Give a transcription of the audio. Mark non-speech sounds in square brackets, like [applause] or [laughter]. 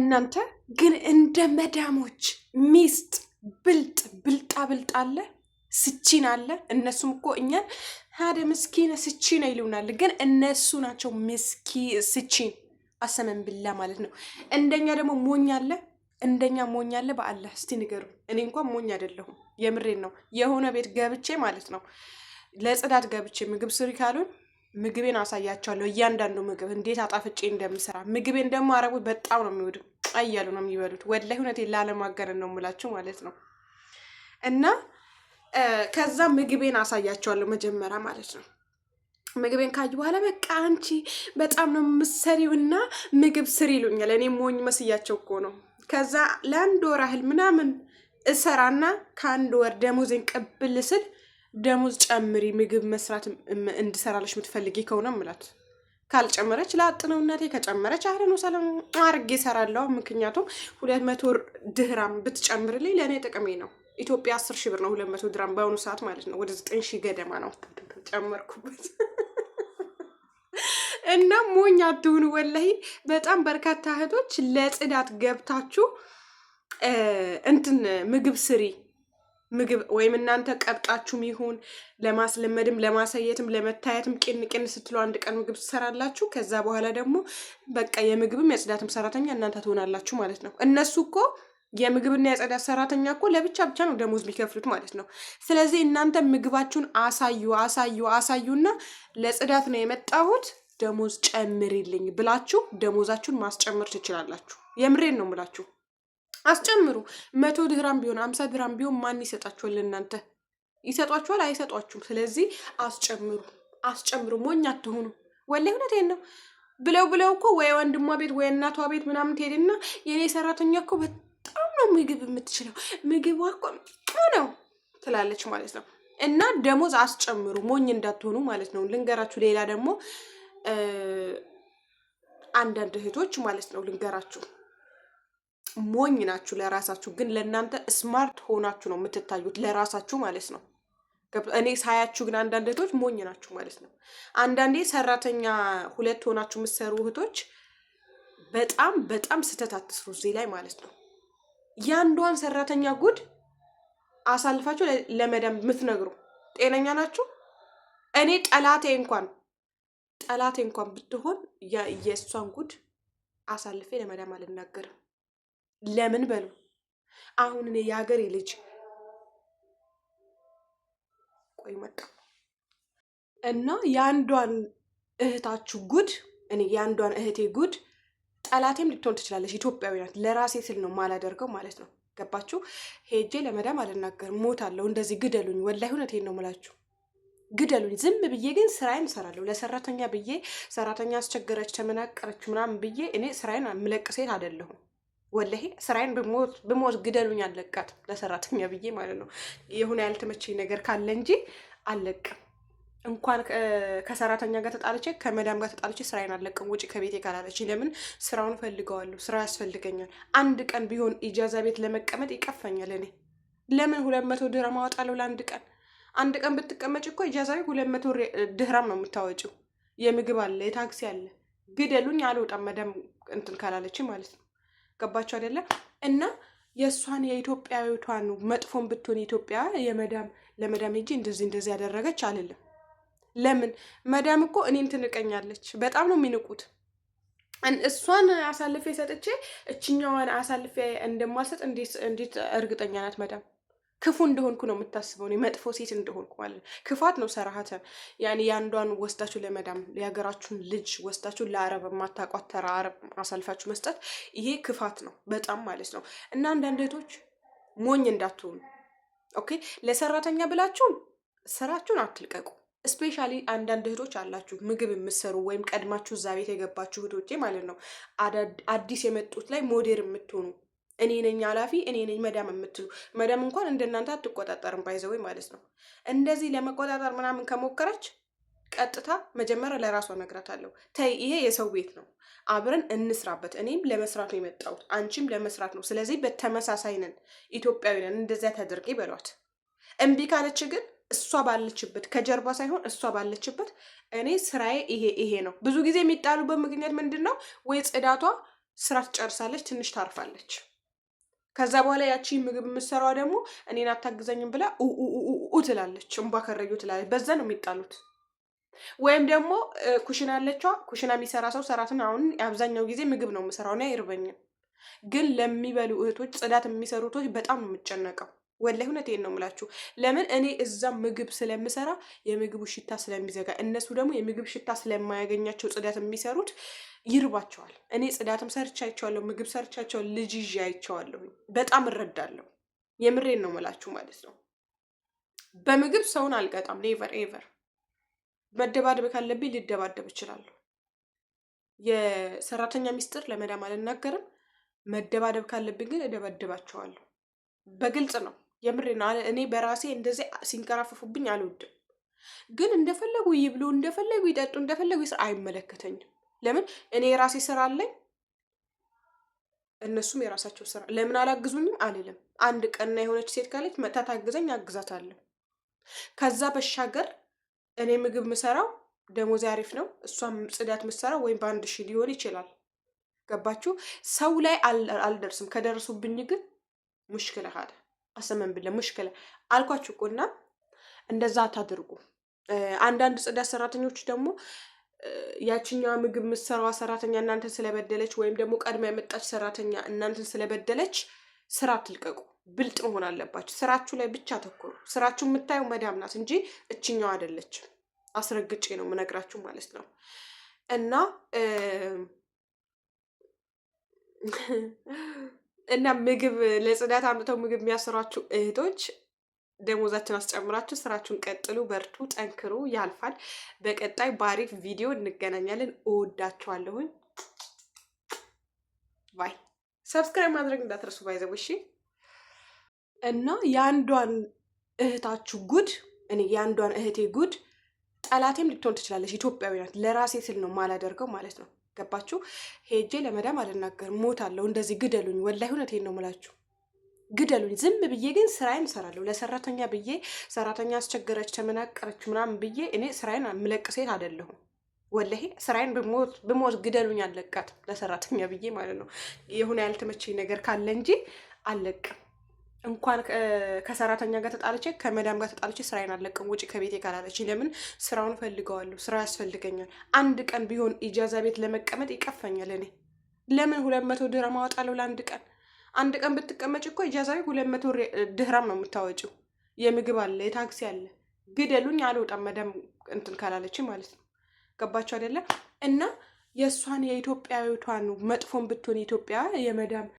እናንተ ግን እንደ መዳሞች ሚስት ብልጥ ብልጣ ብልጥ አለ ስቺን አለ። እነሱም እኮ እኛን ሀደ ምስኪን ስቺን ይሉናል፣ ግን እነሱ ናቸው ምስኪ ስቺን አሰመን ብላ ማለት ነው። እንደኛ ደግሞ ሞኝ አለ እንደኛ ሞኝ አለ። በአለ እስቲ ንገሩ። እኔ እንኳን ሞኝ አይደለሁም፣ የምሬን ነው። የሆነ ቤት ገብቼ ማለት ነው ለጽዳት ገብቼ ምግብ ስሪ ካሉን ምግቤን አሳያቸዋለሁ። እያንዳንዱ ምግብ እንዴት አጣፍጬ እንደምሰራ ምግቤን ደግሞ አረቦች በጣም ነው የሚወዱ እያሉ ነው የሚበሉት። ወላሂ እውነቴን ላለማገረን ነው የምላችሁ ማለት ነው። እና ከዛ ምግቤን አሳያቸዋለሁ መጀመሪያ ማለት ነው። ምግቤን ካዩ በኋላ በቃ አንቺ በጣም ነው የምትሰሪው እና ምግብ ስር ይሉኛል። እኔ ሞኝ መስያቸው እኮ ነው። ከዛ ለአንድ ወር ያህል ምናምን እሰራና ከአንድ ወር ደሞዜን ቅብል ስል ደሞዝ ጨምሪ፣ ምግብ መስራት እንድሰራለች የምትፈልጊ ከሆነ ምላት። ካልጨመረች ለአጥነው ነው እናቴ፣ ከጨመረች አለ ነው ሰላም አርጌ እሰራለሁ። ምክንያቱም ሁለት መቶ ድህራም ብትጨምርልኝ ለእኔ ጥቅሜ ነው። ኢትዮጵያ አስር ሺህ ብር ነው ሁለት መቶ ድራም በአሁኑ ሰዓት ማለት ነው። ወደ ዘጠኝ ሺህ ገደማ ነው ጨመርኩበት። [laughs] እና ሞኝ አትሁኑ ወላሂ። በጣም በርካታ እህቶች ለጽዳት ገብታችሁ እንትን ምግብ ስሪ ምግብ ወይም እናንተ ቀብጣችሁም ይሁን ለማስለመድም ለማሳየትም ለመታየትም ቅን ቅን ስትሉ አንድ ቀን ምግብ ትሰራላችሁ። ከዛ በኋላ ደግሞ በቃ የምግብም የጽዳትም ሰራተኛ እናንተ ትሆናላችሁ ማለት ነው። እነሱ እኮ የምግብና የጽዳት ሰራተኛ እኮ ለብቻ ብቻ ነው ደሞዝ የሚከፍሉት ማለት ነው። ስለዚህ እናንተ ምግባችሁን አሳዩ አሳዩ አሳዩና ለጽዳት ነው የመጣሁት ደሞዝ ጨምሪልኝ ብላችሁ ደሞዛችሁን ማስጨመር ትችላላችሁ። የምሬን ነው የምላችሁ። አስጨምሩ። መቶ ድራም ቢሆን አምሳ ድራም ቢሆን ማን ይሰጣችኋል? እናንተ ይሰጧችኋል? አይሰጧችሁም። ስለዚህ አስጨምሩ፣ አስጨምሩ። ሞኝ አትሆኑ። ወላሂ እውነቴን ነው። ብለው ብለው እኮ ወይ ወንድሟ ቤት ወይ እናቷ ቤት ምናምን ትሄድና የእኔ ሰራተኛ እኮ በጣም ነው ምግብ የምትችለው ምግብ እኮ ነው ትላለች ማለት ነው። እና ደሞዝ አስጨምሩ፣ ሞኝ እንዳትሆኑ ማለት ነው። ልንገራችሁ፣ ሌላ ደግሞ አንዳንድ እህቶች ማለት ነው ልንገራችሁ ሞኝ ናችሁ ለራሳችሁ ግን ለእናንተ ስማርት ሆናችሁ ነው የምትታዩት ለራሳችሁ ማለት ነው። እኔ ሳያችሁ ግን አንዳንድ እህቶች ሞኝ ናችሁ ማለት ነው። አንዳንዴ ሰራተኛ ሁለት ሆናችሁ የምትሰሩ እህቶች በጣም በጣም ስህተት አትስሩ እዚህ ላይ ማለት ነው። ያንዷን ሰራተኛ ጉድ አሳልፋችሁ ለመዳም የምትነግሩ ጤነኛ ናችሁ? እኔ ጠላቴ እንኳን ጠላቴ እንኳን ብትሆን የእሷን ጉድ አሳልፌ ለመዳም አልናገርም። ለምን በሉ አሁን እኔ የሀገሬ ልጅ ቆይ መጣ እና የአንዷን እህታችሁ ጉድ እኔ የአንዷን እህቴ ጉድ ጠላቴም ልትሆን ትችላለች። ኢትዮጵያዊ ናት። ለራሴ ስል ነው ማላደርገው ማለት ነው። ገባችሁ? ሄጄ ለመዳም አልናገርም። አለው እንደዚህ ግደሉኝ። ወላይ እውነቴን ነው የምላችሁ ግደሉኝ። ዝም ብዬ ግን ስራዬን እሰራለሁ። ለሰራተኛ ብዬ ሰራተኛ አስቸገረች፣ ተመናቀረች ምናምን ብዬ እኔ ስራዬን የምለቅ ሴት አይደለሁም። ወለሄ ስራዬን ብሞት ግደሉኝ አለቃት ለሰራተኛ ብዬ ማለት ነው። የሆነ ያልተመቸኝ ነገር ካለ እንጂ አልለቅም። እንኳን ከሰራተኛ ጋር ተጣልቼ ከመዳም ጋር ተጣልቼ ስራዬን አልለቅም ውጭ ከቤቴ ካላለች። ለምን ስራውን ፈልገዋለሁ። ስራ ያስፈልገኛል። አንድ ቀን ቢሆን ኢጃዛ ቤት ለመቀመጥ ይቀፈኛል። እኔ ለምን ሁለት መቶ ድረም አወጣለሁ ለአንድ ቀን? አንድ ቀን ብትቀመጭ እኮ ኢጃዛ ቤት ሁለት መቶ ድህራ ነው የምታወጭው። የምግብ አለ፣ የታክሲ አለ። ግደሉኝ አልወጣም መዳም እንትን ካላለች ማለት ነው። ገባቸው አይደለ እና የእሷን የኢትዮጵያዊቷን መጥፎን ብትሆን ኢትዮጵያ የመዳም ለመዳም ሄጂ እንደዚህ እንደዚህ ያደረገች አልልም። ለምን መዳም እኮ እኔን ትንቀኛለች። በጣም ነው የሚንቁት። እሷን አሳልፌ ሰጥቼ እችኛዋን አሳልፌ እንደማልሰጥ እንዴት እርግጠኛ ናት መዳም? ክፉ እንደሆንኩ ነው የምታስበው፣ መጥፎ ሴት እንደሆንኩ ማለት ነው። ክፋት ነው ሰራሀተ ያኔ የአንዷን ወስዳችሁ ለመዳም የሀገራችሁን ልጅ ወስዳችሁ ለአረብ የማታቋት ተራ አረብ አሳልፋችሁ መስጠት ይሄ ክፋት ነው በጣም ማለት ነው። እና አንዳንድ እህቶች ሞኝ እንዳትሆኑ ኦኬ። ለሰራተኛ ብላችሁ ስራችሁን አትልቀቁ። ስፔሻሊ አንዳንድ እህቶች አላችሁ ምግብ የምትሰሩ ወይም ቀድማችሁ እዛ ቤት የገባችሁ እህቶቼ ማለት ነው። አዲስ የመጡት ላይ ሞዴር የምትሆኑ እኔ ነኝ ኃላፊ እኔ ነኝ መዳም የምትሉ መዳም እንኳን እንደናንተ አትቆጣጠርም፣ ባይዘዌ ማለት ነው። እንደዚህ ለመቆጣጠር ምናምን ከሞከረች ቀጥታ መጀመሪያ ለራሷ እነግራታለሁ፣ ተይ ይሄ የሰው ቤት ነው፣ አብረን እንስራበት። እኔም ለመስራት ነው የመጣሁት፣ አንቺም ለመስራት ነው። ስለዚህ በተመሳሳይ ነን፣ ኢትዮጵያዊ ነን። እንደዚያ ተደርጌ በሏት። እምቢ ካለች ግን እሷ ባለችበት ከጀርባ ሳይሆን እሷ ባለችበት እኔ ስራዬ ይሄ ይሄ ነው። ብዙ ጊዜ የሚጣሉበት ምክንያት ምንድን ነው? ወይ ጽዳቷ ስራ ትጨርሳለች፣ ትንሽ ታርፋለች ከዛ በኋላ ያቺ ምግብ የምሰራዋ ደግሞ እኔን አታግዘኝም ብላ ኡ ትላለች፣ እንባ ከረዩ ትላለች። በዛ ነው የሚጣሉት። ወይም ደግሞ ኩሽና አለችዋ። ኩሽና የሚሰራ ሰው ሰራትን። አሁን አብዛኛው ጊዜ ምግብ ነው የምሰራው እኔ አይርበኝም፣ ግን ለሚበሉ እህቶች፣ ጽዳት የሚሰሩ እህቶች በጣም ነው የምጨነቀው። ወላይ እውነቴን ነው የምላችሁ። ለምን እኔ እዛ ምግብ ስለምሰራ የምግቡ ሽታ ስለሚዘጋ፣ እነሱ ደግሞ የምግብ ሽታ ስለማያገኛቸው ጽዳት የሚሰሩት ይርባቸዋል። እኔ ጽዳትም ሰርቻቸዋለሁ፣ ምግብ ሰርቻቸዋል፣ ልጅ ይዤ በጣም እረዳለሁ። የምሬን ነው የምላችሁ ማለት ነው። በምግብ ሰውን አልቀጣም። ኔቨር ኤቨር። መደባደብ ካለብኝ ልደባደብ እችላለሁ። የሰራተኛ ሚስጥር ለመዳም አልናገርም። መደባደብ ካለብኝ ግን እደበድባቸዋለሁ። በግልጽ ነው። የምሬን እኔ በራሴ እንደዚህ ሲንከራፈፉብኝ አልወድም። ግን እንደፈለጉ ይብሉ፣ እንደፈለጉ ይጠጡ፣ እንደፈለጉ ስራ አይመለከተኝም። ለምን እኔ የራሴ ስራ አለኝ፣ እነሱም የራሳቸው ስራ። ለምን አላግዙኝም አልልም። አንድ ቀና የሆነች ሴት ካለች መጥታ ታግዘኝ አግዛታለሁ። ከዛ በሻገር እኔ ምግብ ምሰራው ደሞዝ አሪፍ ነው፣ እሷም ጽዳት ምሰራው ወይም በአንድ ሺ ሊሆን ይችላል። ገባችሁ? ሰው ላይ አልደርስም። ከደረሱብኝ ግን ሙሽክለ አሰመን ብለ ሙሽከለ አልኳችሁ እኮና እንደዛ ታድርጉ። አንዳንድ ጽዳት ሰራተኞች ደግሞ ያችኛዋ ምግብ ምሰራዋ ሰራተኛ እናንተን ስለበደለች ወይም ደግሞ ቀድማ የመጣች ሰራተኛ እናንተን ስለበደለች ስራ ትልቀቁ ብልጥ መሆን አለባችሁ። ስራችሁ ላይ ብቻ አተኩሩ። ስራችሁ የምታየው መዳም ናት እንጂ እችኛዋ አይደለችም። አስረግጬ ነው የምነግራችሁ ማለት ነው። እና እና ምግብ ለጽዳት አምጥተው ምግብ የሚያሰሯችሁ እህቶች ደሞዛችን አስጨምራችሁ ስራችሁን ቀጥሉ። በርቱ፣ ጠንክሩ፣ ያልፋል። በቀጣይ በአሪፍ ቪዲዮ እንገናኛለን። እወዳችኋለሁኝ። ባይ። ሰብስክራይብ ማድረግ እንዳትረሱ። ባይዘው እሺ። እና የአንዷን እህታችሁ ጉድ እኔ የአንዷን እህቴ ጉድ ጠላቴም ልትሆን ትችላለች። ኢትዮጵያዊ ናት። ለራሴ ስል ነው ማላደርገው ማለት ነው። ገባችሁ? ሄጄ ለመዳም ሞት አለው እንደዚህ ግደሉኝ፣ ወላይ እውነቴን ነው የምላችሁ ግደሉኝ። ዝም ብዬ ግን ስራዬን እሰራለሁ። ለሰራተኛ ብዬ ሰራተኛ አስቸገረች፣ ተመናቀረች ምናምን ብዬ እኔ ስራዬን የምለቅ ሴት አይደለሁም። ወላሂ ስራዬን ብሞት ግደሉኝ አለቃት ለሰራተኛ ብዬ ማለት ነው። የሆነ ያልተመቸኝ ነገር ካለ እንጂ አልለቅም። እንኳን ከሰራተኛ ጋር ተጣልቼ ከመዳም ጋር ተጣልቼ ስራዬን አለቅም ውጭ ከቤቴ ካላለች። ለምን ስራውን ፈልገዋለሁ፣ ስራ ያስፈልገኛል። አንድ ቀን ቢሆን ኢጃዛ ቤት ለመቀመጥ ይቀፈኛል። እኔ ለምን ሁለት መቶ ድህራም አወጣለሁ ለአንድ ቀን? አንድ ቀን ብትቀመጭ እኮ ኢጃዛ ቤት ሁለት መቶ ድህራም ነው የምታወጪው። የምግብ አለ፣ የታክሲ አለ። ግደሉኝ አልወጣም፣ መዳም እንትን ካላለች ማለት ነው። ገባቸው አይደለም እና የእሷን የኢትዮጵያዊቷን መጥፎን ብትሆን ኢትዮጵያ የመዳም